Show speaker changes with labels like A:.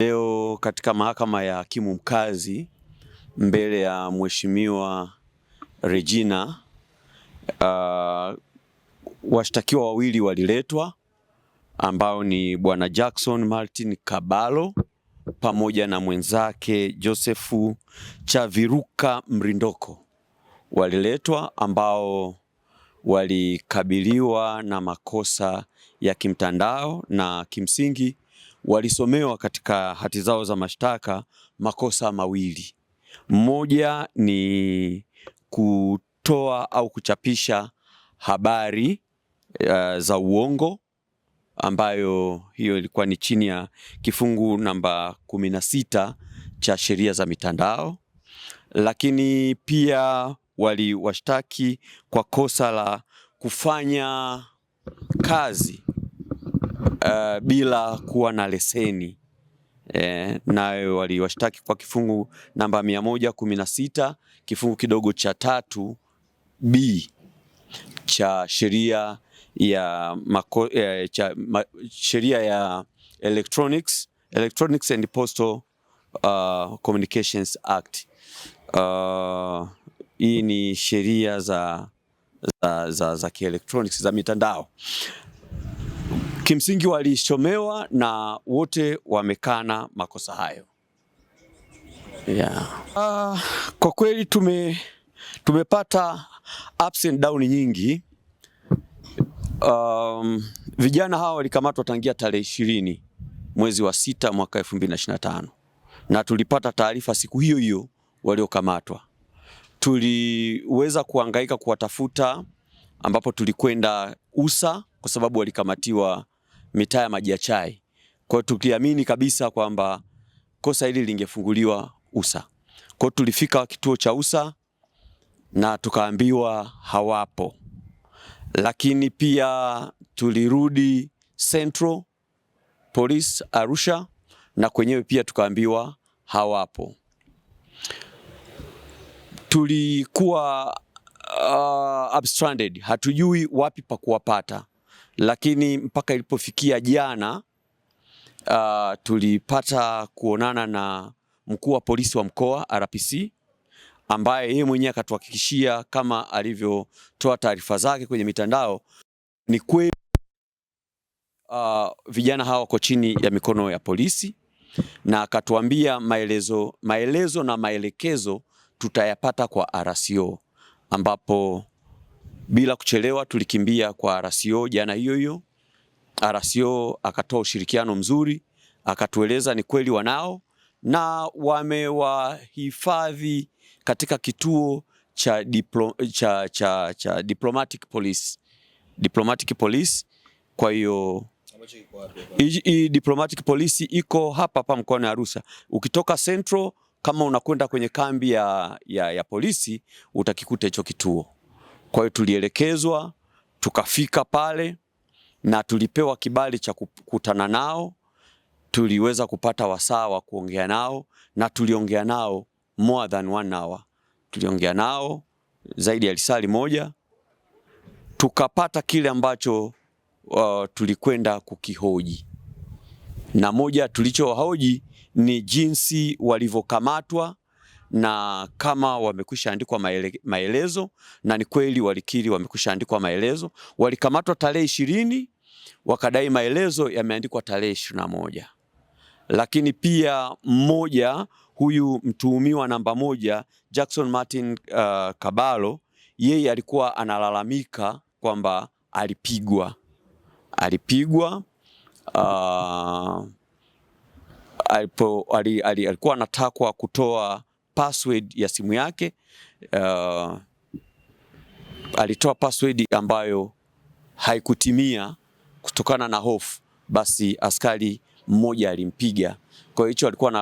A: Leo katika mahakama ya hakimu mkazi mbele ya mheshimiwa Regina uh, washtakiwa wawili waliletwa ambao ni bwana Jackson Martin Kabalo pamoja na mwenzake Josefu Chaviruka Mrindoko waliletwa ambao walikabiliwa na makosa ya kimtandao na kimsingi walisomewa katika hati zao za mashtaka makosa mawili. Mmoja ni kutoa au kuchapisha habari uh, za uongo ambayo hiyo ilikuwa ni chini ya kifungu namba kumi na sita cha sheria za mitandao, lakini pia waliwashtaki kwa kosa la kufanya kazi uh, bila kuwa na leseni eh, nayo waliwashtaki kwa kifungu namba mia moja kumi na sita kifungu kidogo cha tatu b cha sheria ya mako, eh, cha, ma, sheria ya Electronics, Electronics and Postal uh, Communications Act. Uh, hii ni sheria za, za, za, za kielektroniki za mitandao kimsingi walishomewa na wote wamekana makosa hayo yeah. Uh, kwa kweli tume, tumepata ups and down nyingi. Um, vijana hawa walikamatwa tangia tarehe ishirini mwezi wa sita mwaka mbili na na tulipata taarifa siku hiyo hiyo waliokamatwa. Tuliweza kuangaika kuwatafuta ambapo tulikwenda Usa kwa sababu walikamatiwa mitaa ya Maji ya Chai. Kwa tukiamini kabisa kwamba kosa hili lingefunguliwa Usa. Kwa tulifika kituo cha Usa na tukaambiwa hawapo, lakini pia tulirudi Central Police Arusha na kwenyewe pia tukaambiwa hawapo. Tulikuwa uh, abstranded, hatujui wapi pa kuwapata lakini mpaka ilipofikia jana uh, tulipata kuonana na mkuu wa polisi wa mkoa RPC ambaye yeye mwenyewe akatuhakikishia kama alivyotoa taarifa zake kwenye mitandao, ni kweli uh, vijana hawa wako chini ya mikono ya polisi, na akatuambia maelezo, maelezo na maelekezo tutayapata kwa RCO ambapo bila kuchelewa tulikimbia kwa RCO jana hiyo hiyo. RCO akatoa ushirikiano mzuri, akatueleza ni kweli wanao na wamewahifadhi katika kituo cha, diplo, cha, cha, cha diplomatic police, diplomatic police. Kwa hiyo diplomatic police iko hapa hapa mkoani Arusha. Ukitoka Central kama unakwenda kwenye kambi ya, ya, ya polisi utakikuta hicho kituo. Kwa hiyo tulielekezwa tukafika pale na tulipewa kibali cha kukutana nao. Tuliweza kupata wasaa wa kuongea nao na tuliongea nao more than one hour. Tuliongea nao zaidi ya lisali moja, tukapata kile ambacho uh, tulikwenda kukihoji, na moja tulichohoji ni jinsi walivyokamatwa na kama wamekwisha andikwa maele, maelezo na ni kweli walikiri wamekwisha andikwa maelezo. Walikamatwa tarehe ishirini wakadai maelezo yameandikwa tarehe ishirini na moja lakini pia mmoja huyu mtuhumiwa namba moja Jackson Martin uh, Kabalo yeye alikuwa analalamika kwamba alipigwa alipigwa uh, alipo, alikuwa anatakwa kutoa password ya simu yake. Uh, alitoa password ambayo haikutimia kutokana na hofu, basi askari mmoja alimpiga. Kwa hiyo hicho alikuwa na